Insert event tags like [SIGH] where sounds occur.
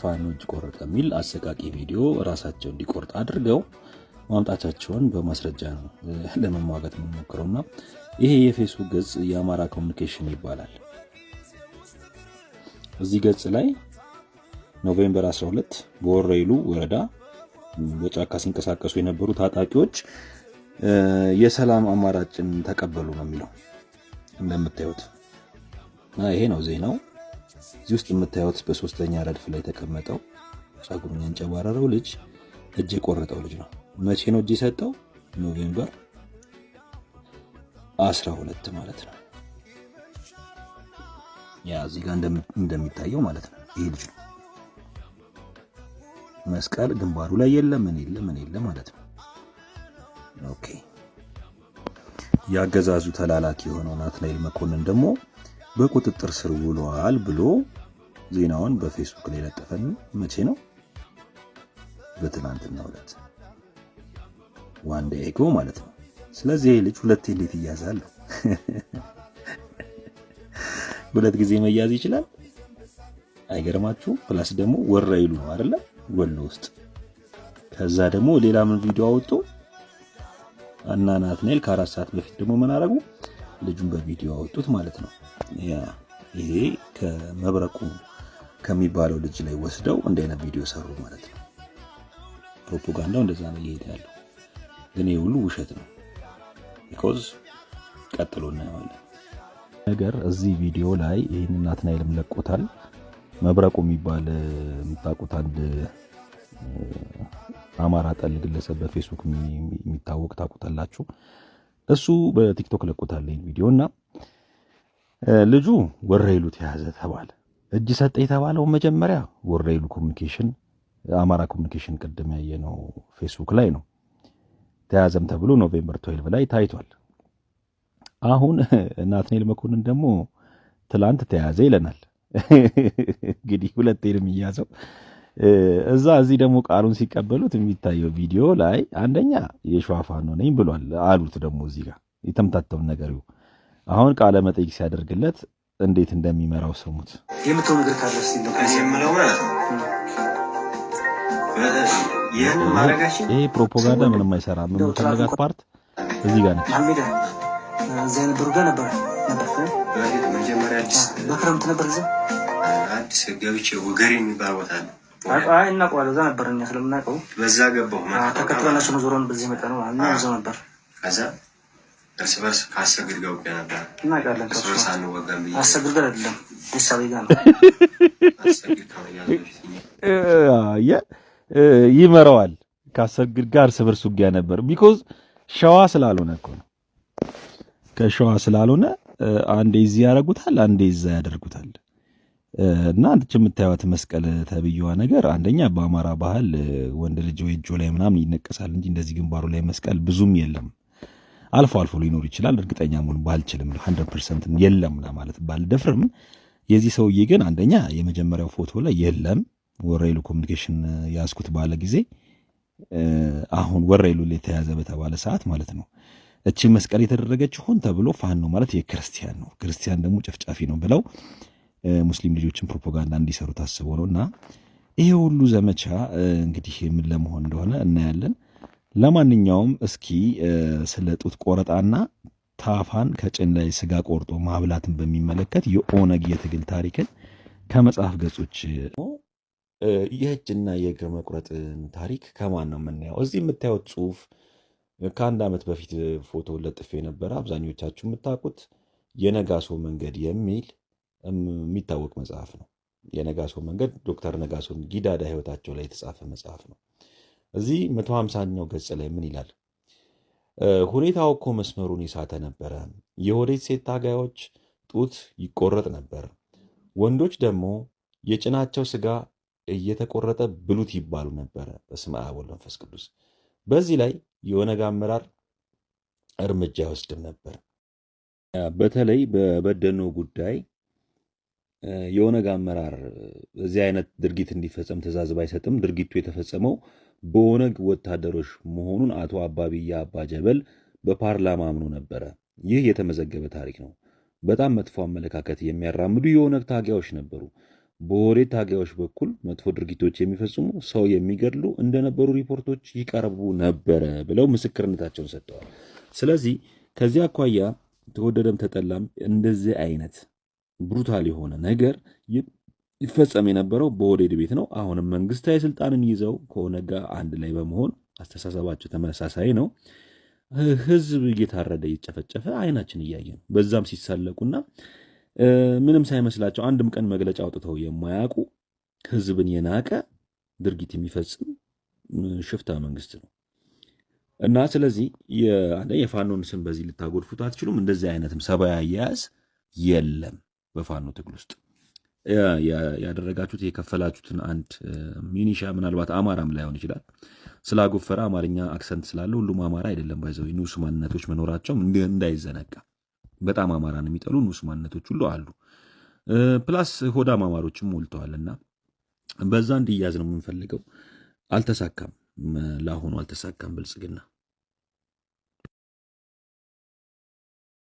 ፋኖ እጅ ቆረጠ የሚል አሰቃቂ ቪዲዮ ራሳቸው እንዲቆርጥ አድርገው ማምጣቻቸውን በማስረጃ ነው ለመሟገት የምንሞክረው እና ይሄ የፌስቡክ ገጽ የአማራ ኮሚኒኬሽን ይባላል። እዚህ ገጽ ላይ ኖቬምበር 12 በወረይሉ ወረዳ በጫካ ሲንቀሳቀሱ የነበሩ ታጣቂዎች የሰላም አማራጭን ተቀበሉ ነው የሚለው እንደምታዩት ይሄ ነው ዜናው። እዚህ ውስጥ የምታዩት በሶስተኛ ረድፍ ላይ የተቀመጠው ጸጉሩን ያንጨባረረው ልጅ እጅ የቆረጠው ልጅ ነው። መቼ ነው እጅ የሰጠው? ኖቬምበር 12 ማለት ነው። ያ እዚህ ጋር እንደሚታየው ማለት ነው። ይሄ ልጅ ነው። መስቀል ግንባሩ ላይ የለ ምን የለ ምን የለ ማለት ነው። ኦኬ። ያገዛዙ ተላላኪ የሆነው ናትናኤል መኮንን ደግሞ በቁጥጥር ስር ውለዋል ብሎ ዜናውን በፌስቡክ ላይ ለጠፈን። መቼ ነው? በትናንትና ዕለት ዋን ዴይ አጎ ማለት ነው። ስለዚህ ይህ ልጅ ሁለቴ እንዴት ይያዛል? [LAUGHS] ሁለት ጊዜ መያዝ ይችላል። አይገርማችሁ? ፕላስ ደግሞ ወራ ይሉ ነው አይደለ? ወሎ ውስጥ ከዛ ደግሞ ሌላ ምን ቪዲዮ አወጡ እና ናትናኤል ከአራት ሰዓት በፊት ደግሞ ምን አደረጉ? ልጁን በቪዲዮ አወጡት ማለት ነው። ይሄ ከመብረቁ ከሚባለው ልጅ ላይ ወስደው እንደ አይነት ቪዲዮ ሰሩ ማለት ነው። ፕሮፓጋንዳው እንደዛ ነው እየሄደ ያለው። ግን ይህ ሁሉ ውሸት ነው። ቢኮዝ ቀጥሎ እናየዋለን ነገር እዚህ ቪዲዮ ላይ ይህን ናትናኤልም ለቆታል። መብረቁ የሚባል የምታውቁት አንድ አማራ ጠል ግለሰብ በፌስቡክ የሚታወቅ ታውቁታላችሁ። እሱ በቲክቶክ ለቆታል ይህን ቪዲዮ እና ልጁ ወረይሉ ተያዘ ተባለ። እጅ ሰጠ የተባለው መጀመሪያ ወረይሉ ኮሚኒኬሽን፣ አማራ ኮሚኒኬሽን ቅድም ያየነው ፌስቡክ ላይ ነው። ተያዘም ተብሎ ኖቬምበር ትዌልቭ ላይ ታይቷል። አሁን [LAUGHS] ናትናኤል መኮንን ደግሞ ትላንት ተያዘ ይለናል። [LAUGHS] እንግዲህ ሁለቴንም የሚያዘው። እዛ እዚህ ደግሞ ቃሉን ሲቀበሉት የሚታየው ቪዲዮ ላይ አንደኛ የሸዋ ፋኖ ነኝ ብሏል አሉት። ደግሞ እዚህ ጋር የተምታተውን ነገር አሁን ቃለ መጠይቅ ሲያደርግለት እንዴት እንደሚመራው ስሙት። የምትው ነገር ካለስ የምለው ማለት ነው። ይህ ፕሮፓጋንዳ ምንም አይሰራም። የምፈልጋት ፓርት እዚህ ጋር ነች። እዚያ ነበሩ ጋር ነበረ መጀመሪያ አዲስ በክረምት ነበር እዚያ አዲስ ገብቼ ወገሬ የሚባል ቦታ ነው እናውቀዋለን። እዛ ነበር እኛ ስለምናውቀው በዛ ገባሁ ተከትለናቸው ነው ዞሮን በዚህ መጣ ነው እዛው ነበር እርስ በርስ ከአሰግድ ጋር ውጊያ ነበር። እናውቃለን። እርስ በርስ አንወጋም። አሰግድ ጋር አይደለም ሳቤ ጋር ነው። ይመረዋል። ከአሰግድ ጋር እርስ በርስ ውጊያ ነበር። ቢኮዝ ሸዋ ስላልሆነ እኮ ነው። ከሸዋ ስላልሆነ አንዴ እዚህ ያደርጉታል፣ አንዴ እዛ ያደርጉታል። እና አንቺ የምታዩት መስቀል ተብዬዋ ነገር አንደኛ በአማራ ባህል ወንድ ልጅ ወይ እጆ ላይ ምናምን ይነቀሳል እንጂ እንደዚህ ግንባሩ ላይ መስቀል ብዙም የለም። አልፎ አልፎ ሊኖር ይችላል። እርግጠኛ መሆን ባልችልም ሀንድረድ ፐርሰንት የለም ለማለት ባልደፍርም የዚህ ሰውዬ ግን አንደኛ የመጀመሪያው ፎቶ ላይ የለም ወሬሉ ኮሚኒኬሽን ያዝኩት ባለ ጊዜ አሁን ወሬሉ የተያዘ በተባለ ሰዓት ማለት ነው እቺ መስቀል የተደረገች ሆን ተብሎ ፋኖ ማለት የክርስቲያን ነው፣ ክርስቲያን ደግሞ ጨፍጫፊ ነው ብለው ሙስሊም ልጆችን ፕሮፓጋንዳ እንዲሰሩ ታስቦ ነው እና ይሄ ሁሉ ዘመቻ እንግዲህ ምን ለመሆን እንደሆነ እናያለን። ለማንኛውም እስኪ ስለ ጡት ቆረጣና ታፋን ከጭን ላይ ስጋ ቆርጦ ማብላትን በሚመለከት የኦነግ የትግል ታሪክን ከመጽሐፍ ገጾች የእጅና የእግር መቁረጥን ታሪክ ከማን ነው የምናየው? እዚህ የምታዩት ጽሁፍ ከአንድ ዓመት በፊት ፎቶ ለጥፎ የነበረ አብዛኞቻችሁ የምታውቁት የነጋሶ መንገድ የሚል የሚታወቅ መጽሐፍ ነው። የነጋሶ መንገድ ዶክተር ነጋሶን ጊዳዳ ህይወታቸው ላይ የተጻፈ መጽሐፍ ነው። እዚህ 150ኛው ገጽ ላይ ምን ይላል? ሁኔታው እኮ መስመሩን የሳተ ነበረ። የወዴት ሴት ታጋዮች ጡት ይቆረጥ ነበር፣ ወንዶች ደግሞ የጭናቸው ስጋ እየተቆረጠ ብሉት ይባሉ ነበረ። በስመ አብ ወወልድ ወመንፈስ ቅዱስ። በዚህ ላይ የኦነግ አመራር እርምጃ ይወስድም ነበር። በተለይ በበደኖ ጉዳይ የኦነግ አመራር በዚህ አይነት ድርጊት እንዲፈጸም ትእዛዝ ባይሰጥም ድርጊቱ የተፈጸመው በኦነግ ወታደሮች መሆኑን አቶ አባቢያ አባ ጀበል በፓርላማ አምኖ ነበረ። ይህ የተመዘገበ ታሪክ ነው። በጣም መጥፎ አመለካከት የሚያራምዱ የኦነግ ታጋዮች ነበሩ። በወሬ ታጋዮች በኩል መጥፎ ድርጊቶች የሚፈጽሙ ሰው የሚገድሉ እንደነበሩ ሪፖርቶች ይቀርቡ ነበረ ብለው ምስክርነታቸውን ሰጥተዋል። ስለዚህ ከዚህ አኳያ ተወደደም ተጠላም እንደዚህ አይነት ብሩታል የሆነ ነገር ይፈጸም የነበረው በኦህዴድ ቤት ነው። አሁንም መንግስታዊ ስልጣንን ይዘው ከኦነግ ጋር አንድ ላይ በመሆን አስተሳሰባቸው ተመሳሳይ ነው። ህዝብ እየታረደ እየጨፈጨፈ አይናችን እያየ ነው። በዛም ሲሳለቁና ምንም ሳይመስላቸው አንድም ቀን መግለጫ አውጥተው የማያውቁ ህዝብን የናቀ ድርጊት የሚፈጽም ሽፍታ መንግስት ነው እና ስለዚህ የፋኖን ስም በዚህ ልታጎድፉት አትችሉም። እንደዚህ አይነትም ሰብአዊ አያያዝ የለም በፋኖ ትግል ውስጥ። ያደረጋችሁት የከፈላችሁትን አንድ ሚኒሻ ምናልባት አማራም ላይሆን ይችላል ስላጎፈረ አማርኛ አክሰንት ስላለ ሁሉም አማራ አይደለም። ባይዘው ንዑስ ማንነቶች መኖራቸው እንዳይዘነጋ። በጣም አማራን የሚጠሉ ንዑስ ማንነቶች ሁሉ አሉ። ፕላስ ሆዳም አማሮችም ሞልተዋል እና በዛ እንዲያዝ ነው የምንፈልገው። አልተሳካም፣ ለአሁኑ አልተሳካም ብልጽግና